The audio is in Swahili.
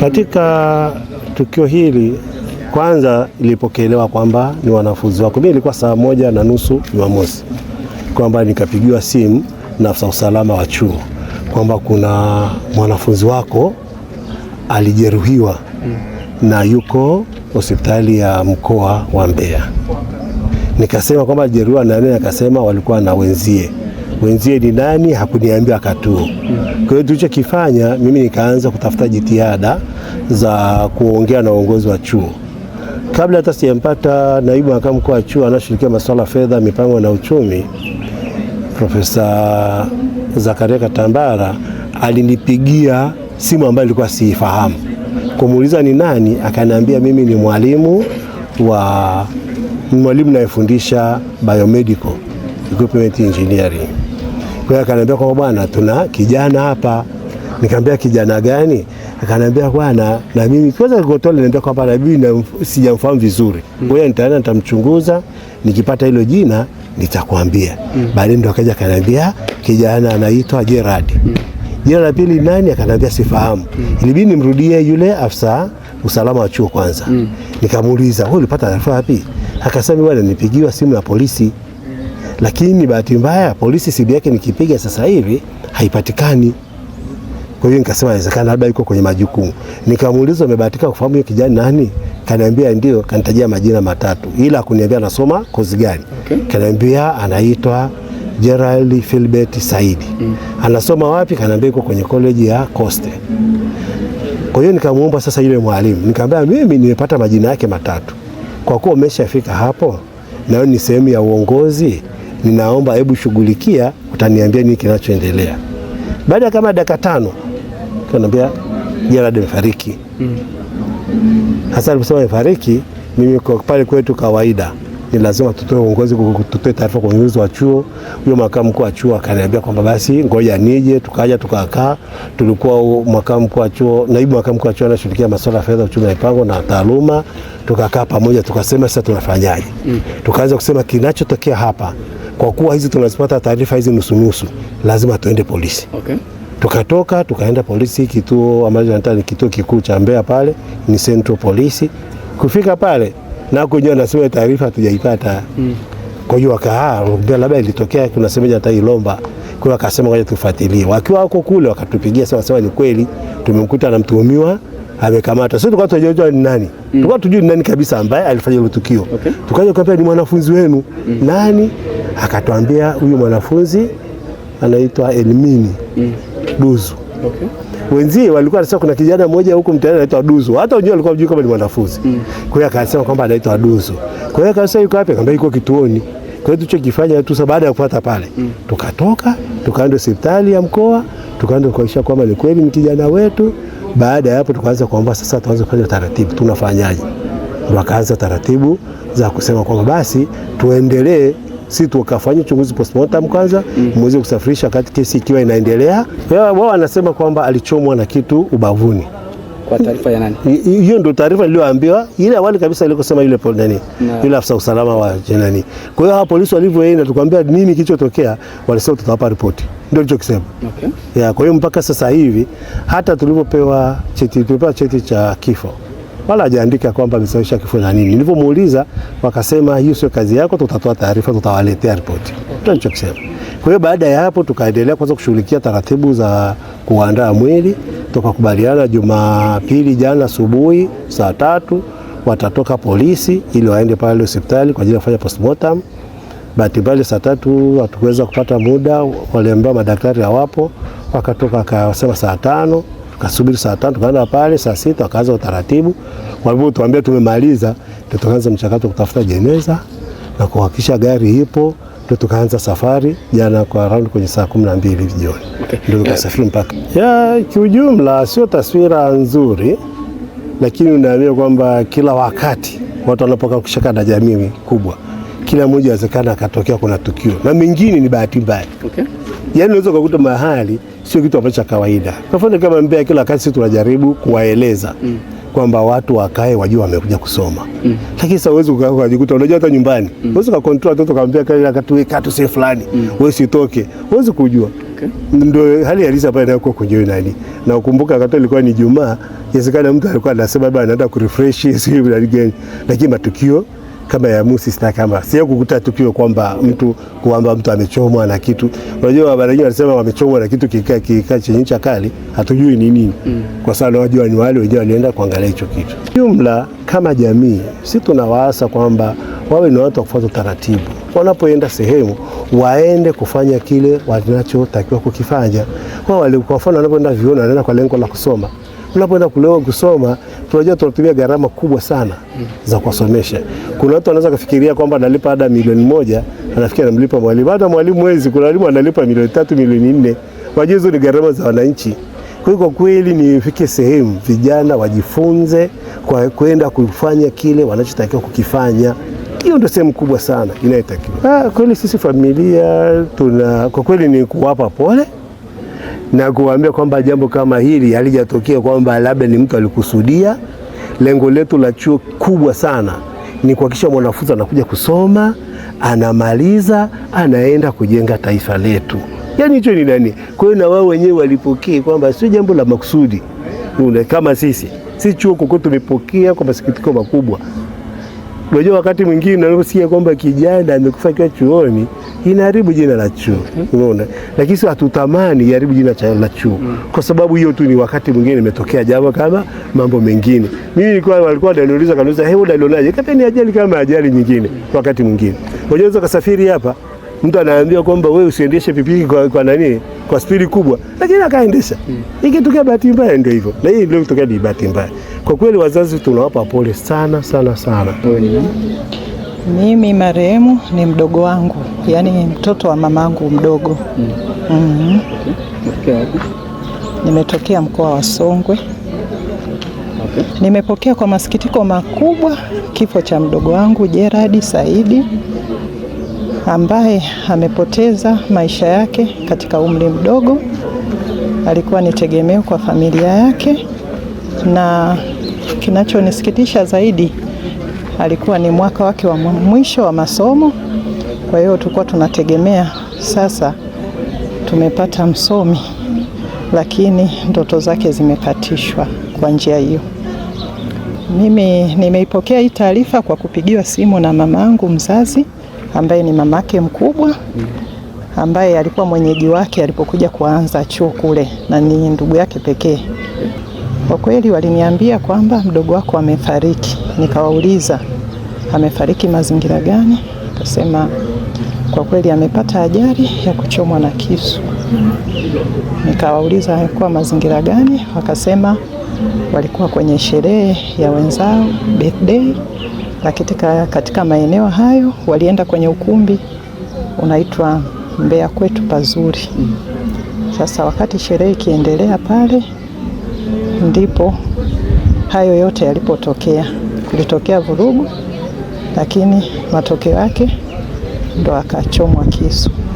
Katika tukio hili kwanza ilipokelewa kwamba ni wanafunzi wako. Mimi ilikuwa saa moja na nusu Jumamosi kwamba nikapigiwa simu na afisa usalama wa chuo kwamba kuna mwanafunzi wako alijeruhiwa na yuko hospitali ya mkoa wa Mbeya. Nikasema kwamba alijeruhiwa na nani? Akasema walikuwa na wenzie. Wenzie ni nani? Hakuniambia katuo kwa hiyo tulichokifanya, mimi nikaanza kutafuta jitihada za kuongea na uongozi wa chuo kabla hata sijampata naibu makamu mkuu wa chuo anashirikia masuala ya fedha, mipango na uchumi, Profesa Zakaria Katambara alinipigia simu ambayo nilikuwa siifahamu, kumuuliza ni nani, akaniambia mimi ni mwalimu wa mwalimu nayefundisha biomedical equipment engineering. Kwa hiyo akaniambia kwamba bwana, tuna kijana hapa. Nikamwambia kijana gani? Akaniambia bwana, na mimi kwanza nikotoa, niambia kwamba na mimi sijamfahamu vizuri, kwa hiyo nitaenda nitamchunguza, nikipata hilo jina nitakwambia. mm. Baadaye ndo akaja akaniambia kijana anaitwa Gerard. mm. Jina la pili nani? Akaniambia sifahamu. mm. Ilibidi nimrudie yule afisa usalama wa chuo kwanza. mm. Nikamuuliza, wewe ulipata taarifa wapi? Akasema bwana, nilipigiwa simu na polisi lakini bahati mbaya polisi sidi yake nikipiga sasa hivi haipatikani. Kwa hiyo nikasema inawezekana labda yuko kwenye majukumu. Nikamuuliza, umebahatika kufahamu hiyo kijana nani? Kaniambia ndio, kanitajia majina matatu, ila kuniambia anasoma kozi gani. Okay. Kaniambia anaitwa Gerald Philbert Saidi. Mm. Anasoma wapi? Kaniambia yuko kwenye college ya Coast. Kwa hiyo nikamuomba sasa yule mwalimu, nikamwambia mimi nimepata majina yake matatu, kwa kuwa umeshafika hapo na ni sehemu ya uongozi ninaomba hebu shughulikia, utaniambia nini kinachoendelea. Baada ya kama dakika tano kaniambia Gerald amefariki. Mm. Hasa aliposema amefariki, mimi kwa pale kwetu kawaida ni lazima tutoe uongozi, tutoe taarifa kwa uongozi wa chuo. Huyo makamu mkuu wa chuo akaniambia kwamba basi ngoja nije, tukaja tukakaa. Tulikuwa makamu mkuu wa chuo, naibu makamu mkuu wa chuo anashirikia masuala ya fedha, uchumi na mipango na taaluma, tukakaa pamoja, tukasema sasa tunafanyaje? mm. Tukaanza kusema kinachotokea hapa kwa kuwa hizi tunazipata taarifa hizi nusu nusu, lazima tuende polisi okay. Tukatoka tukaenda polisi kituo ambacho nataka ni kituo kikuu cha Mbeya, pale ni Central Polisi. Kufika pale na nakuja nasema taarifa tujaipata. mm. Kwa hiyo wakaa ah, labda ilitokea kuna semeja hata Ilomba kwa akasema ngoja tufuatilie. Wakiwa huko kule wakatupigia sawa sawa, ni kweli tumemkuta na mtuhumiwa amekamatwa. Sisi tukawa tunajua ni nani. Mm. Tukawa tujui ni nani kabisa ambaye alifanya hilo tukio. Okay. Tukaja kwambia ni mwanafunzi wenu. Mm. Nani? akatwambia huyu mwanafunzi anaitwa Elmini mm. Duzu okay. Wenzie walikuwa wanasema kuna kijana mmoja huku mtaani anaitwa Duzu, hata wenyewe walikuwa wajui kama ni mwanafunzi mm. Kwa hiyo akasema kwamba anaitwa Duzu. Kwa hiyo akasema yuko wapi? Akamwambia yuko kituoni. Kwa hiyo tulichokifanya tu baada ya kupata pale mm. tukatoka tukaenda hospitali ya mkoa tukaenda kuhakikisha kwamba ni kweli ni kijana wetu. Baada ya hapo tukaanza kuomba sasa, tuanze kufanya taratibu, tunafanyaje? Wakaanza taratibu za kusema kwamba basi tuendelee si tukafanya uchunguzi postmortem kwanza, muweze mm. kusafirisha kati kesi ikiwa inaendelea. Wao anasema kwamba alichomwa na kitu ubavuni. Kwa taarifa ya nani? Hiyo ndio taarifa iliyoambiwa ile awali kabisa ilikosema yule pole nani? Yule afisa usalama wa jenani. Kwa hiyo hawa polisi walivyoenda tukwambia nini kilichotokea, walisema tutawapa ripoti. Ndio kilichokisema. Okay. Ya, kwa hiyo mpaka sasa hivi hata tulipopewa cheti tulipewa cheti cha kifo wala hajaandika kwamba amesababisha kifo na nini. Nilipomuuliza wakasema hiyo sio kazi yako, tutatoa taarifa, tutawaletea ripoti. Ndio nilichosema. Kwa hiyo baada ya hapo tukaendelea kwanza kushughulikia taratibu za kuandaa mwili, tukakubaliana Jumapili jana asubuhi saa tatu watatoka polisi ili waende pale hospitali kwa ajili ya kufanya postmortem. Bahati mbaya saa tatu hatukuweza kupata muda, waliambiwa madaktari hawapo, wakatoka akasema saa tano tukasubiri saa tano, tukaenda pale saa sita, wakaanza utaratibu. Walipotuambia tumemaliza, ndio tukaanza mchakato wa kutafuta jeneza na kuhakikisha gari ipo ndio tukaanza safari jana kwa raundi kwenye saa kumi na mbili jioni okay. Ndio eh. tukasafiri mpaka ya kiujumla, sio taswira nzuri, lakini unaamia kwamba kila wakati watu wanapokaa kushaka na jamii kubwa kila mmoja awezekana akatokea kuna tukio, na mengine ni bahati mbaya okay. Yani unaweza ukakuta mahali sio kitu ambacho cha kawaida. Kwa mfano kama Mbeya, kila wakati sisi tunajaribu kuwaeleza mm. kwamba watu wakae wajua wamekuja kusoma mm. Lakini sasa uwezi ukajikuta, unajua hata nyumbani mm. uwezi ukakontrol watoto kamwambia kale akatuweka tu sehemu fulani mm. wewe usitoke, uwezi kujua Okay. Ndio hali halisi ambayo inakuwa kwenye nani, na ukumbuka wakati ilikuwa ni Jumaa, inawezekana mtu alikuwa anasema bado anaenda kurefresh sio bila gani, lakini matukio kama ya Musi na kama sio kukuta tukio kwamba mtu kwamba mtu amechomwa na kitu. Unajua habari nyingi wanasema wamechomwa na kitu kikaa kikaa chenye ncha kali, hatujui ni nini mm. Kwa sababu wajua ni wale wenyewe walienda kuangalia hicho kitu. Jumla kama jamii, si tunawaasa kwamba wawe ni watu wa kufuata taratibu, wanapoenda sehemu waende kufanya kile wanachotakiwa kukifanya. Kwa wale kwa mfano wanapoenda vioni wanaenda kwa lengo la kusoma mnapoenda kulewa kusoma, tunajua tunatumia gharama kubwa sana za kuwasomesha. Kuna watu wanaweza kufikiria kwamba analipa ada milioni moja, anafikia anamlipa mwalimu. Hata mwalimu mwezi, kuna walimu analipa milioni tatu, milioni nne. hizo ni gharama za wananchi. Kwa hiyo kwa kweli nifike sehemu vijana wajifunze kwa kwenda kufanya kile wanachotakiwa kukifanya. Hiyo ndio sehemu kubwa sana inayotakiwa. Ah, kweli sisi familia tuna kwa kweli ni kuwapa pole na kuambia kwamba jambo kama hili halijatokea, kwamba labda ni mtu alikusudia. Lengo letu la chuo kubwa sana ni kuhakikisha mwanafunzi anakuja kusoma, anamaliza, anaenda kujenga taifa letu. yani hicho ni nani? Kwa hiyo na wao wenyewe walipokee kwamba sio jambo la makusudi. Kama sisi si chuo koko, tumepokea kwa masikitiko makubwa. Unajua, wakati mwingine unaposikia kwamba kijana amekufa kwa chuoni inaharibu jina la chuo mm Unaona, lakini sio hatutamani iharibu jina la chuo mm Kwa sababu hiyo tu ni wakati mwingine imetokea jambo kama mambo mengine. Mimi nilikuwa walikuwa wananiuliza kanuliza, hebu dalionaje? Kama ni ajali kama ajali nyingine, wakati mwingine unaweza kusafiri hapa, mtu anaambia kwamba wewe usiendeshe pikipiki kwa, kwa nani kwa spidi kubwa, lakini akaendesha mm. Ikitokea bahati mbaya ndio hivyo, na hii ndio kutokea ni bahati mbaya. Kwa kweli wazazi tunawapa pole sana sana sana mm. Mimi marehemu ni mdogo wangu, yaani mtoto wa mamangu mdogo. mm. mm -hmm. okay. Nimetokea mkoa wa Songwe. okay. Nimepokea kwa masikitiko makubwa kifo cha mdogo wangu Gerard Saidi ambaye amepoteza maisha yake katika umri mdogo. Alikuwa ni tegemeo kwa familia yake, na kinachonisikitisha zaidi alikuwa ni mwaka wake wa mwisho wa masomo. Kwa hiyo tulikuwa tunategemea sasa tumepata msomi, lakini ndoto zake zimepatishwa kwa njia hiyo. Mimi nimeipokea hii taarifa kwa kupigiwa simu na mamangu mzazi ambaye ni mamake mkubwa ambaye alikuwa mwenyeji wake alipokuja kuanza chuo kule na ni ndugu yake pekee. Kwa kweli waliniambia kwamba mdogo wako amefariki nikawauliza amefariki mazingira gani? Akasema kwa kweli amepata ajali ya kuchomwa na kisu. Nikawauliza alikuwa mazingira gani? Wakasema walikuwa kwenye sherehe ya wenzao birthday, lakini katika maeneo hayo walienda kwenye ukumbi unaitwa Mbeya kwetu pazuri. Sasa wakati sherehe ikiendelea pale ndipo hayo yote yalipotokea kulitokea vurugu, lakini matokeo yake ndo akachomwa kisu.